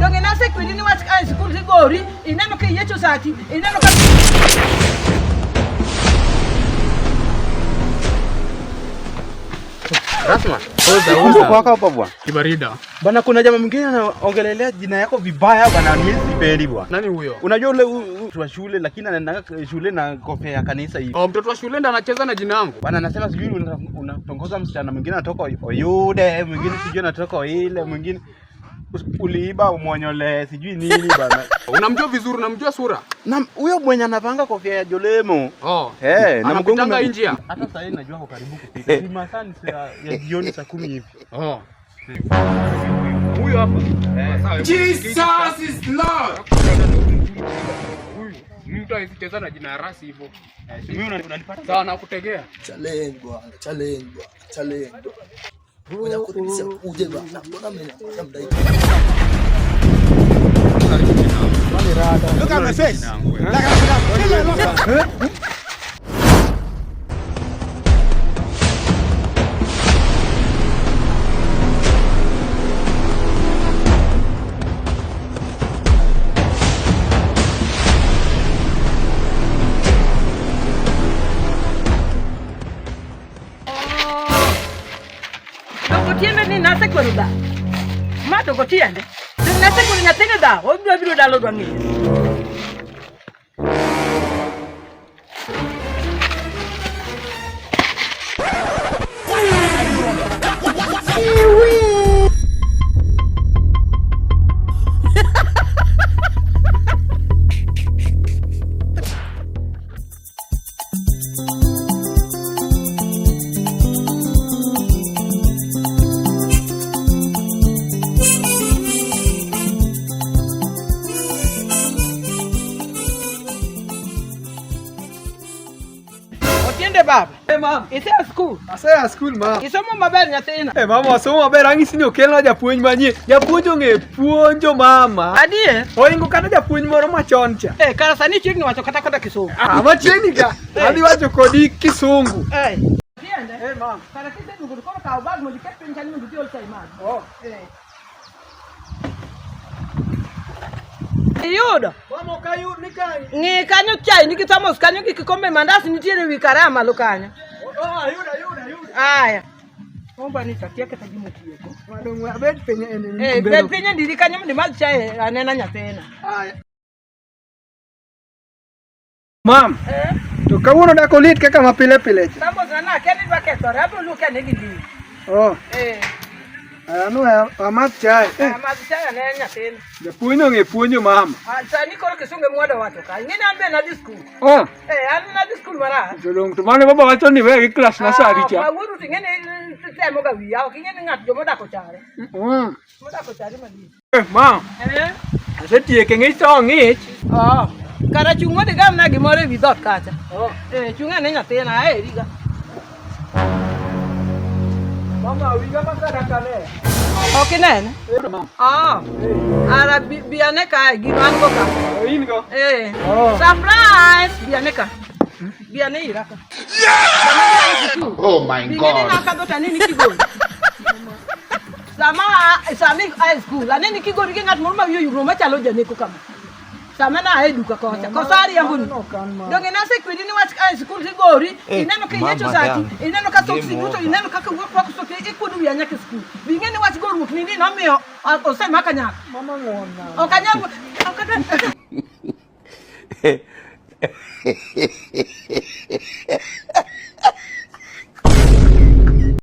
donge nase kwilini wati kansi kuti gori ineno ke yecho sati ineno ka Rasma, oza oza. Kwa hapa bwana. Kibarida. Bwana kuna jamaa mwingine anaongelelea jina yako vibaya bwana, mimi sipendi bwana. Nani huyo? Unajua ule wa shule lakini anaenda shule na kofia ya kanisa hii. Oh, mtoto wa shule ndo anacheza na jina langu. Bwana anasema sijui unatongoza msichana mwingine anatoka Oyude, mwingine sijui anatoka ile, mwingine uliiba umwonyole sijui nini bana. Unamjua vizuri, unamjua sura. Na huyo mwenye anavanga kofia ya Jolemo. Oh. Eh, na mgongo injia. Me... Hata sasa najua kwa karibu kufika. Ni masaa ya jioni saa kumi hivi. Oh. Huyo hapa. Eh, Jesus is Lord. Mtu aisikeza na jina rasi hivyo. Mimi eh, unanipata? Sawa, nakutegea. Chalengwa, chalengwa, challenge a jea a aea deee dogo tiende ni nasekweru da ma dogo tiende ninasekweru nyatinge da obiro biro dalo dwang'eyo Twende baba. Eh, ma'am. Ise school. Ise school, ma'am. Isomo maber nyathina. Eh, mama wasomo maber ang'i sinyo kelna japuonj manyie. Japuonj ong'e puonjo mama. Adier? Oingo kata japuonj moro machon cha. Eh, kara sani chiegni wacho kata koda kisungu. Ah, machiegni ka. Eh. Adi wacho kodi kisungu. Eh. Eh, ma'am. Kara kiseduogo to koro kaw bag mondo iket piny kanyo mondo idhi ol chai mag. Oh. Eh. iyudo wamo ng'i kanyo chai nigi thamos kanyo gi kikombe mandas nitiere wi kara malo kanyo oh, ayudo ah, aya bed piny e kanyo mnimadh chai anena nyathina Mam, eh? to kawuono dako lit kaka mapile pile cha. Sambos na na, keni abro luke negi di. Oh. Eh. Anuel, amat chai. Amat chai ane nyathi. Japuonjo ng'e puonjo mama. Sani koro kisunge mwada wacho ka. Ng'e ni an be nadhi skul. Oh. Eh, an nadhi skul mara. Jolong, to mane baba wacho ni wegi klas na sari cha. Ah, wuru ting'e ni temo ga wiya. Ok, ng'e ni ng'at jo modako chare. Mm. Modako chare madhi. Eh, ma. Eh. Asetieke ng'e to ng'ich. Oh. Kara chung'o di gamna gimore vidot kacha. Oh. Eh, chung'e ne nyathi na aeriga. Eh, Oke okinen ah ara ah, bianeka ya eh, gino an go ka oh, eh oh. surprise bianeka ya biane ya ira ka oh my god bianeka ka go tani ni kigo sama eh, sami high school aneni kigo rige ngat moro ma yo yuro ma chalo janeko kama samana aheduka kocha kosari yambuni donge nase kwidini wati ai sikuri gori eh, ineno ke yecho sati ineno ka toksi duto ineno ka kuwa kwa kusoke ikudu ya nyake sikuri bingeni wati gori wukini ndi no mio osema akanyaka mama ngona okanyabu okada